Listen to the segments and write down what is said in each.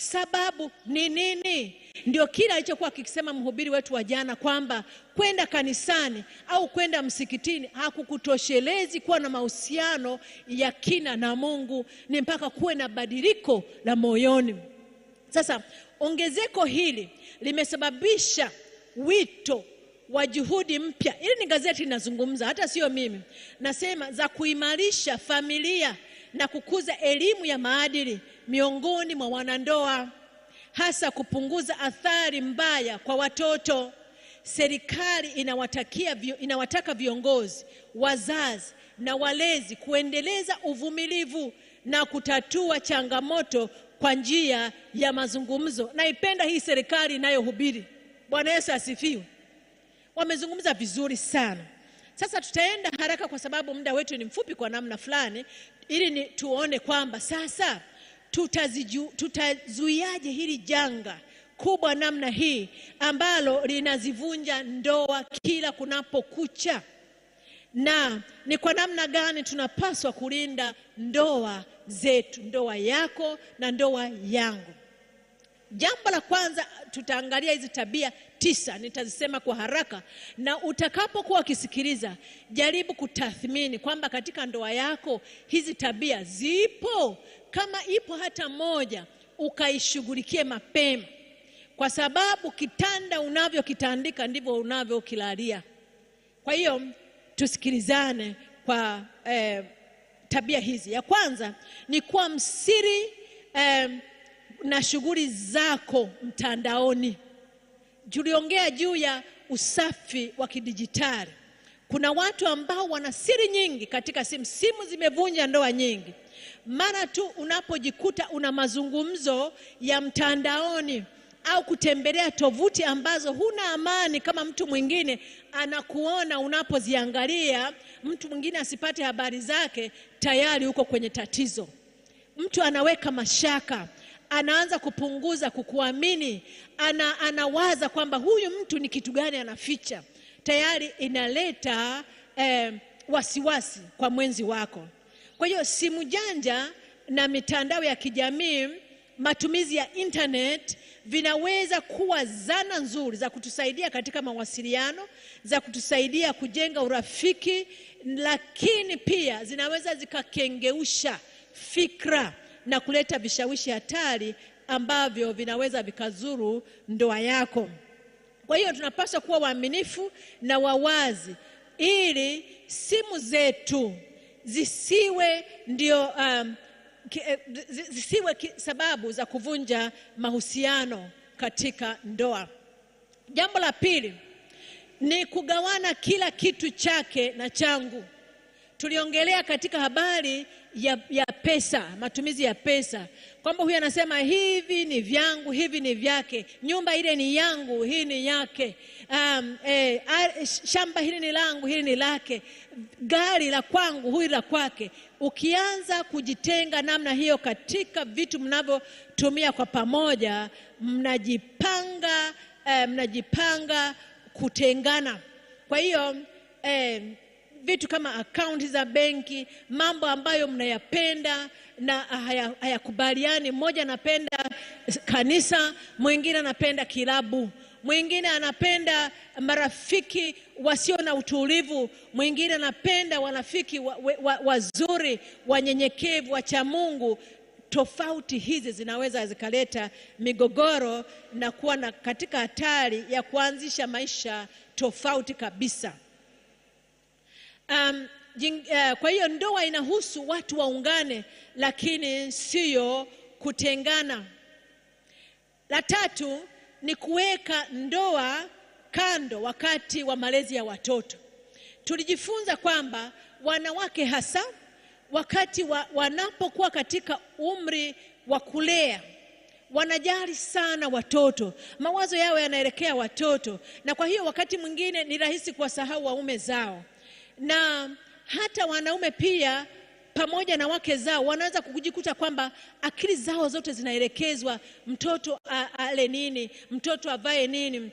Sababu ni nini? Ndio kile alichokuwa akisema mhubiri wetu wa jana kwamba kwenda kanisani au kwenda msikitini hakukutoshelezi kuwa na mahusiano ya kina na Mungu, ni mpaka kuwe na badiliko la moyoni. Sasa ongezeko hili limesababisha wito wa juhudi mpya. ili ni gazeti linazungumza, hata sio mimi nasema, za kuimarisha familia na kukuza elimu ya maadili miongoni mwa wanandoa, hasa kupunguza athari mbaya kwa watoto. Serikali inawatakia, inawataka viongozi, wazazi na walezi kuendeleza uvumilivu na kutatua changamoto kwa njia ya mazungumzo. Naipenda hii serikali inayohubiri. Bwana Yesu asifiwe. Wamezungumza vizuri sana. Sasa tutaenda haraka kwa sababu muda wetu ni mfupi kwa namna fulani ili ni tuone kwamba sasa tutazuiaje hili janga kubwa namna hii ambalo linazivunja ndoa kila kunapokucha, na ni kwa namna gani tunapaswa kulinda ndoa zetu, ndoa yako na ndoa yangu. Jambo la kwanza tutaangalia hizi tabia tisa, nitazisema kwa haraka, na utakapokuwa ukisikiliza, jaribu kutathmini kwamba katika ndoa yako hizi tabia zipo. Kama ipo hata moja, ukaishughulikie mapema, kwa sababu kitanda unavyokitandika ndivyo unavyokilalia. Kwa hiyo tusikilizane kwa eh, tabia hizi. Ya kwanza ni kuwa msiri eh, na shughuli zako mtandaoni. Tuliongea juu ya usafi wa kidijitali. Kuna watu ambao wana siri nyingi katika simu. Simu zimevunja ndoa nyingi. Mara tu unapojikuta una mazungumzo ya mtandaoni au kutembelea tovuti ambazo huna amani kama mtu mwingine anakuona unapoziangalia, mtu mwingine asipate habari zake, tayari uko kwenye tatizo. Mtu anaweka mashaka anaanza kupunguza kukuamini, ana, anawaza kwamba huyu mtu ni kitu gani anaficha. Tayari inaleta eh, wasiwasi kwa mwenzi wako. Kwa hiyo simu janja na mitandao ya kijamii, matumizi ya internet vinaweza kuwa zana nzuri za kutusaidia katika mawasiliano, za kutusaidia kujenga urafiki, lakini pia zinaweza zikakengeusha fikra na kuleta vishawishi hatari ambavyo vinaweza vikazuru ndoa yako. Kwa hiyo tunapaswa kuwa waaminifu na wawazi ili simu zetu zisiwe ndio um, eh, zisiwe sababu za kuvunja mahusiano katika ndoa. Jambo la pili ni kugawana kila kitu chake na changu tuliongelea katika habari ya, ya pesa, matumizi ya pesa, kwamba huyu anasema hivi ni vyangu, hivi ni vyake, nyumba ile ni yangu, hii ni yake, um, eh, shamba hili ni langu, hili ni lake, gari la kwangu, huyu la kwake. Ukianza kujitenga namna hiyo katika vitu mnavyotumia kwa pamoja, mnajipanga eh, mnajipanga kutengana. Kwa hiyo eh, vitu kama akaunti za benki, mambo ambayo mnayapenda na hayakubaliani. Haya, mmoja anapenda kanisa, mwingine anapenda kilabu, mwingine anapenda marafiki wasio na utulivu, mwingine anapenda wanafiki wazuri wa, wa wanyenyekevu, wacha Mungu. Tofauti hizi zinaweza zikaleta migogoro na kuwa na katika hatari ya kuanzisha maisha tofauti kabisa um, jing, uh, kwa hiyo ndoa inahusu watu waungane, lakini siyo kutengana. La tatu ni kuweka ndoa kando wakati wa malezi ya watoto. Tulijifunza kwamba wanawake hasa wakati wa, wanapokuwa katika umri wa kulea wanajali sana watoto, mawazo yao yanaelekea watoto, na kwa hiyo wakati mwingine ni rahisi kuwasahau waume zao na hata wanaume pia pamoja na wake zao wanaweza kujikuta kwamba akili zao zote zinaelekezwa mtoto ale nini, mtoto avae nini,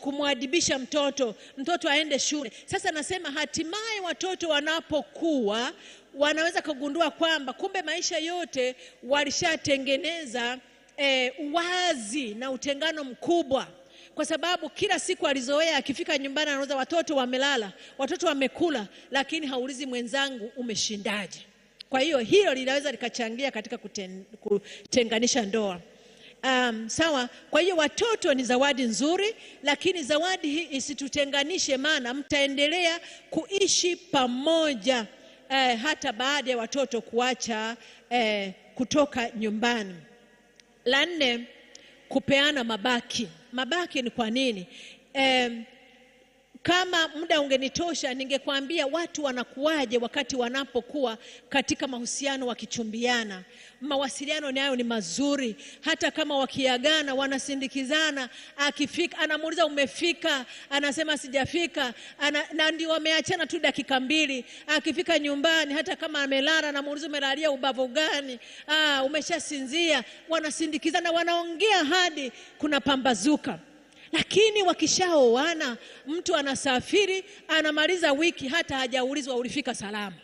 kumwadibisha mtoto, mtoto aende shule. Sasa nasema hatimaye watoto wanapokuwa wanaweza kugundua kwamba kumbe maisha yote walishatengeneza e, uwazi na utengano mkubwa kwa sababu kila siku alizoea akifika nyumbani anauza, watoto wamelala, watoto wamekula, lakini haulizi mwenzangu umeshindaje. Kwa hiyo hilo linaweza likachangia katika kuten, kutenganisha ndoa. Um, sawa. Kwa hiyo watoto ni zawadi nzuri, lakini zawadi hii isitutenganishe, maana mtaendelea kuishi pamoja eh, hata baada ya watoto kuacha eh, kutoka nyumbani. La nne, kupeana mabaki mabaki ni kwa nini? Eh, kama muda ungenitosha, ningekwambia watu wanakuwaje wakati wanapokuwa katika mahusiano wakichumbiana. Mawasiliano nayo ni mazuri, hata kama wakiagana, wanasindikizana. Akifika anamuuliza umefika, anasema sijafika, ana, na ndio wameachana tu dakika mbili. Akifika nyumbani, hata kama amelala, anamuuliza umelalia ubavu gani? Ah, umeshasinzia. Wanasindikizana, wanaongea hadi kuna pambazuka. Lakini wakishaoana mtu anasafiri anamaliza wiki, hata hajaulizwa ulifika salama.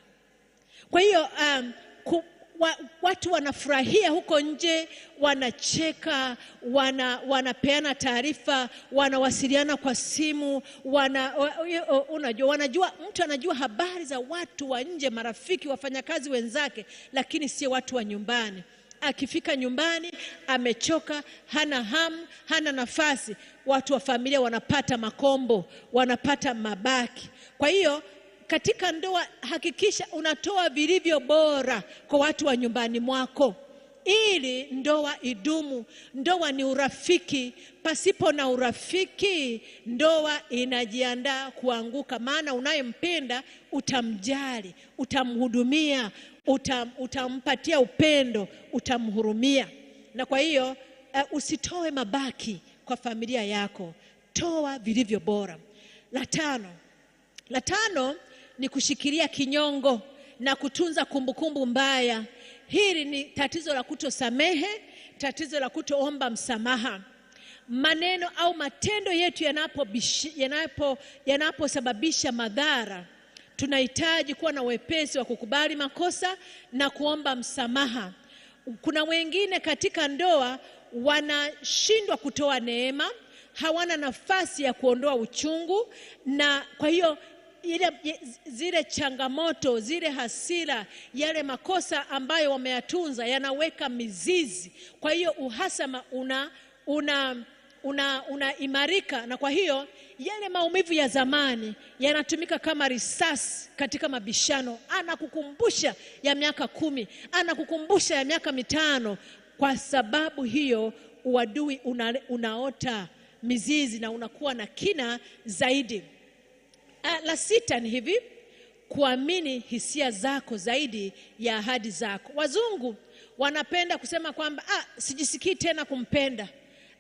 Kwa hiyo um, ku, wa, watu wanafurahia huko nje, wanacheka, wana, wanapeana taarifa, wanawasiliana kwa simu, wana, unajua, wanajua mtu anajua habari za watu wa nje, marafiki, wafanyakazi wenzake, lakini sio watu wa nyumbani akifika nyumbani amechoka, hana hamu, hana nafasi. Watu wa familia wanapata makombo, wanapata mabaki. Kwa hiyo katika ndoa hakikisha unatoa vilivyo bora kwa watu wa nyumbani mwako ili ndoa idumu. Ndoa ni urafiki, pasipo na urafiki ndoa inajiandaa kuanguka, maana unayempenda utamjali, utamhudumia, utam, utampatia upendo, utamhurumia. Na kwa hiyo uh, usitoe mabaki kwa familia yako, toa vilivyo bora. La tano, la tano ni kushikilia kinyongo na kutunza kumbukumbu kumbu mbaya. Hili ni tatizo la kutosamehe, tatizo la kutoomba msamaha. Maneno au matendo yetu yanaposababisha yanapo, yanapo madhara tunahitaji kuwa na wepesi wa kukubali makosa na kuomba msamaha. Kuna wengine katika ndoa wanashindwa kutoa neema, hawana nafasi ya kuondoa uchungu, na kwa hiyo ile, zile changamoto zile hasira yale makosa ambayo wameyatunza yanaweka mizizi. Kwa hiyo uhasama una, una unaimarika una na kwa hiyo yale maumivu ya zamani yanatumika kama risasi katika mabishano. Anakukumbusha ya miaka kumi, anakukumbusha ya miaka mitano. Kwa sababu hiyo uadui una, unaota mizizi na unakuwa na kina zaidi. Ah, la sita ni hivi, kuamini hisia zako zaidi ya ahadi zako. Wazungu wanapenda kusema kwamba ah, sijisikii tena kumpenda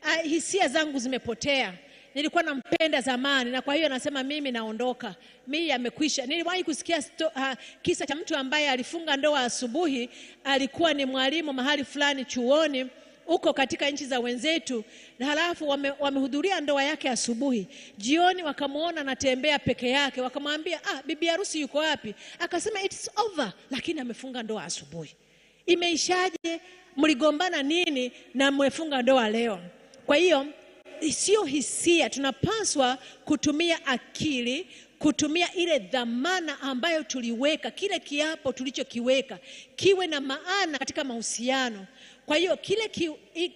uh, hisia zangu zimepotea nilikuwa nampenda zamani na kwa hiyo anasema mimi naondoka, mimi yamekwisha. Niliwahi kusikia sto, uh, kisa cha mtu ambaye alifunga ndoa asubuhi. Alikuwa ni mwalimu mahali fulani chuoni huko katika nchi za wenzetu, na halafu wame, wamehudhuria ndoa yake asubuhi. Jioni wakamwona anatembea peke yake, wakamwambia ah, bibi harusi yuko wapi? Akasema it's over, lakini amefunga ndoa asubuhi. Imeishaje? mligombana nini na mmefunga ndoa leo? Kwa hiyo sio hisia, tunapaswa kutumia akili, kutumia ile dhamana ambayo tuliweka, kile kiapo tulichokiweka kiwe na maana katika mahusiano. Kwa hiyo kile ki,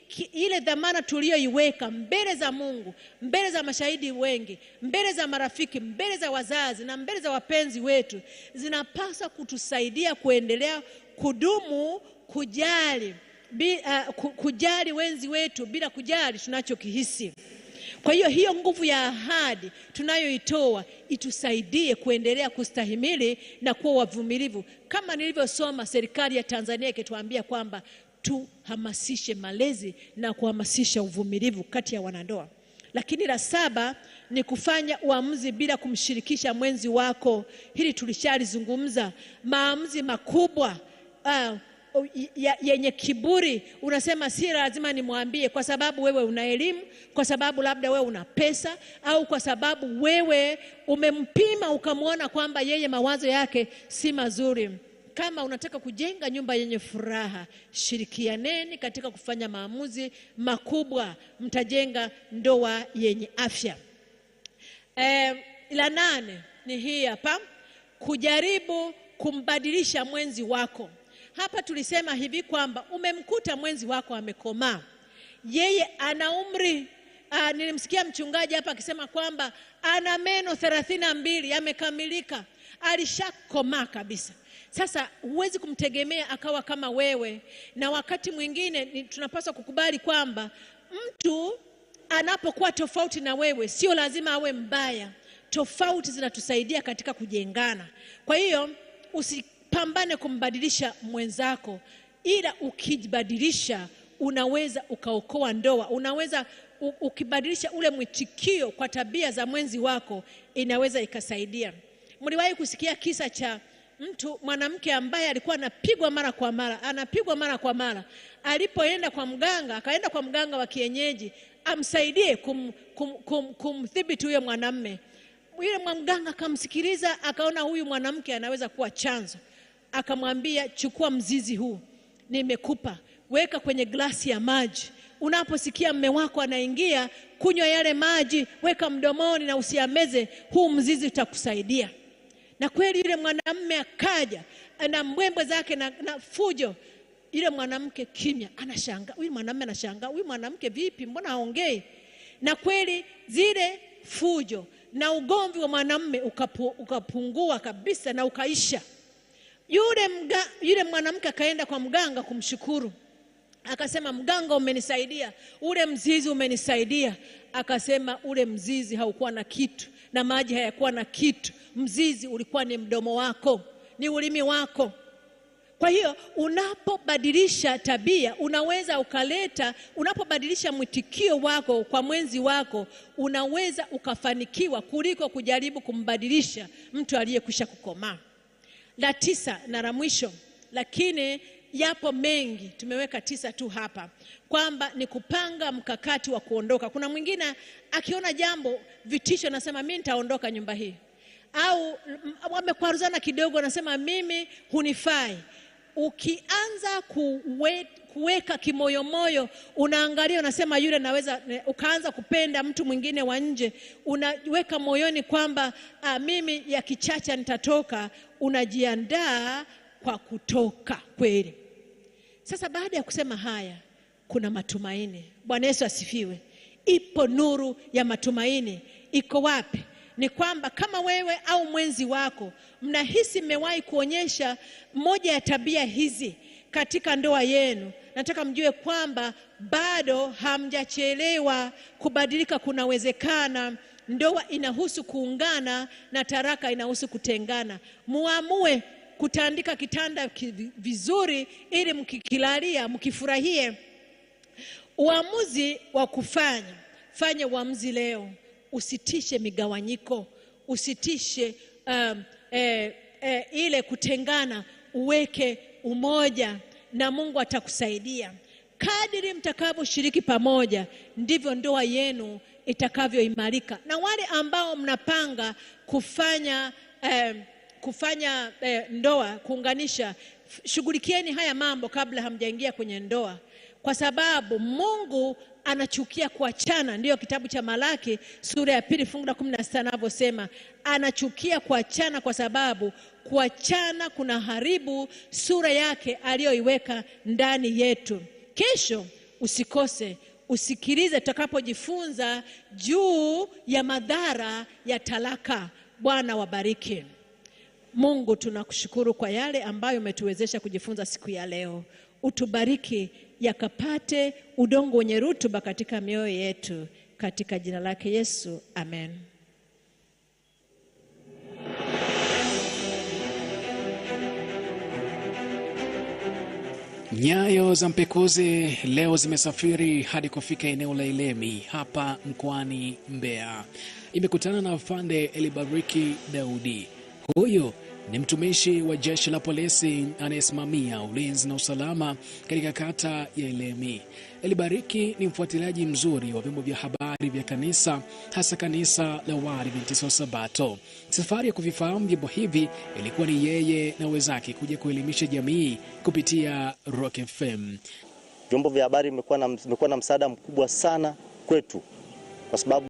ki, ile dhamana tuliyoiweka mbele za Mungu, mbele za mashahidi wengi, mbele za marafiki, mbele za wazazi na mbele za wapenzi wetu, zinapaswa kutusaidia kuendelea kudumu, kujali bi, uh, kujali wenzi wetu bila kujali tunachokihisi. Kwa hiyo hiyo nguvu ya ahadi tunayoitoa itusaidie kuendelea kustahimili na kuwa wavumilivu, kama nilivyosoma serikali ya Tanzania ikituambia kwamba tuhamasishe malezi na kuhamasisha uvumilivu kati ya wanandoa. Lakini la saba ni kufanya uamuzi bila kumshirikisha mwenzi wako. Hili tulishalizungumza, maamuzi makubwa uh, Oh, yenye kiburi, unasema si lazima nimwambie, kwa sababu wewe una elimu, kwa sababu labda wewe una pesa, au kwa sababu wewe umempima ukamwona kwamba yeye mawazo yake si mazuri. Kama unataka kujenga nyumba yenye furaha, shirikianeni katika kufanya maamuzi makubwa, mtajenga ndoa yenye afya. Eh, la nane ni hii hapa, kujaribu kumbadilisha mwenzi wako. Hapa tulisema hivi kwamba umemkuta mwenzi wako amekomaa, yeye ana umri Uh, nilimsikia mchungaji hapa akisema kwamba ana meno thelathini na mbili yamekamilika, alishakomaa kabisa. Sasa huwezi kumtegemea akawa kama wewe, na wakati mwingine tunapaswa kukubali kwamba mtu anapokuwa tofauti na wewe sio lazima awe mbaya. Tofauti zinatusaidia katika kujengana. Kwa hiyo usi Usipambane kumbadilisha mwenzako, ila ukibadilisha unaweza ukaokoa ndoa. Unaweza ukibadilisha ule mwitikio kwa tabia za mwenzi wako, inaweza ikasaidia. Mliwahi kusikia kisa cha mtu mwanamke ambaye alikuwa anapigwa mara kwa mara, anapigwa mara kwa mara. Alipoenda kwa mganga, akaenda kwa mganga wa kienyeji amsaidie kumdhibiti kum, kum, huyo mwanamme. Yule mganga akamsikiliza, akaona huyu mwanamke anaweza kuwa chanzo akamwambia chukua mzizi huu nimekupa weka kwenye glasi ya maji unaposikia mme wako anaingia kunywa yale maji weka mdomoni na usiameze huu mzizi utakusaidia na kweli yule mwanamme akaja na mbwembwe zake na, na fujo yule mwanamke kimya anashanga huyu mwanamme anashanga huyu mwanamke vipi mbona aongee na kweli zile fujo na ugomvi wa mwanamme ukapu, ukapungua kabisa na ukaisha yule, mga, yule mwanamke akaenda kwa mganga kumshukuru, akasema mganga, umenisaidia, ule mzizi umenisaidia. Akasema ule mzizi haukuwa na kitu na maji hayakuwa na kitu, mzizi ulikuwa ni mdomo wako, ni ulimi wako. Kwa hiyo unapobadilisha tabia unaweza ukaleta, unapobadilisha mwitikio wako kwa mwenzi wako unaweza ukafanikiwa kuliko kujaribu kumbadilisha mtu aliyekwisha kukomaa la tisa na la mwisho, lakini yapo mengi, tumeweka tisa tu hapa, kwamba ni kupanga mkakati wa kuondoka. Kuna mwingine akiona jambo vitisho, anasema mimi nitaondoka nyumba hii, au wamekwaruzana kidogo, anasema mimi hunifai ukianza kuwe, kuweka kimoyomoyo, unaangalia unasema, yule naweza, ukaanza kupenda mtu mwingine wa nje, unaweka moyoni kwamba a, ah, mimi ya kichacha nitatoka. Unajiandaa kwa kutoka kweli. Sasa baada ya kusema haya, kuna matumaini. Bwana Yesu asifiwe. Ipo nuru ya matumaini, iko wapi? ni kwamba kama wewe au mwenzi wako mnahisi mmewahi kuonyesha moja ya tabia hizi katika ndoa yenu, nataka mjue kwamba bado hamjachelewa kubadilika. Kunawezekana. Ndoa inahusu kuungana na taraka inahusu kutengana. Muamue kutandika kitanda vizuri, ili mkikilalia mkifurahie. Uamuzi wa kufanya, fanya uamuzi leo usitishe migawanyiko, usitishe um, e, e, ile kutengana, uweke umoja na Mungu atakusaidia. Kadiri mtakavyoshiriki pamoja, ndivyo ndoa yenu itakavyoimarika. Na wale ambao mnapanga kufanya eh, kufanya eh, ndoa, kuunganisha, shughulikieni haya mambo kabla hamjaingia kwenye ndoa, kwa sababu Mungu anachukia kuachana. Ndiyo kitabu cha Malaki sura ya pili fungu la kumi na sita anavyosema, anachukia kuachana kwa sababu kuachana kuna haribu sura yake aliyoiweka ndani yetu. Kesho usikose usikilize tutakapojifunza juu ya madhara ya talaka. Bwana wabariki. Mungu, tunakushukuru kwa yale ambayo umetuwezesha kujifunza siku ya leo. Utubariki yakapate udongo wenye rutuba katika mioyo yetu, katika jina lake Yesu, amen. Nyayo za mpekuzi leo zimesafiri hadi kufika eneo la Ilemi hapa mkoani Mbeya. Imekutana na afande Elibariki Daudi. Huyu ni mtumishi wa jeshi la polisi anayesimamia ulinzi na usalama katika kata ya Ilemi. Elibariki ni mfuatiliaji mzuri wa vyombo vya habari vya kanisa, hasa kanisa la Waadventista wa Sabato. Safari ya kuvifahamu vyombo hivi ilikuwa ni yeye na wenzake kuja kuelimisha jamii kupitia Rock FM. Vyombo vya habari vimekuwa na msaada mkubwa sana kwetu kwa sababu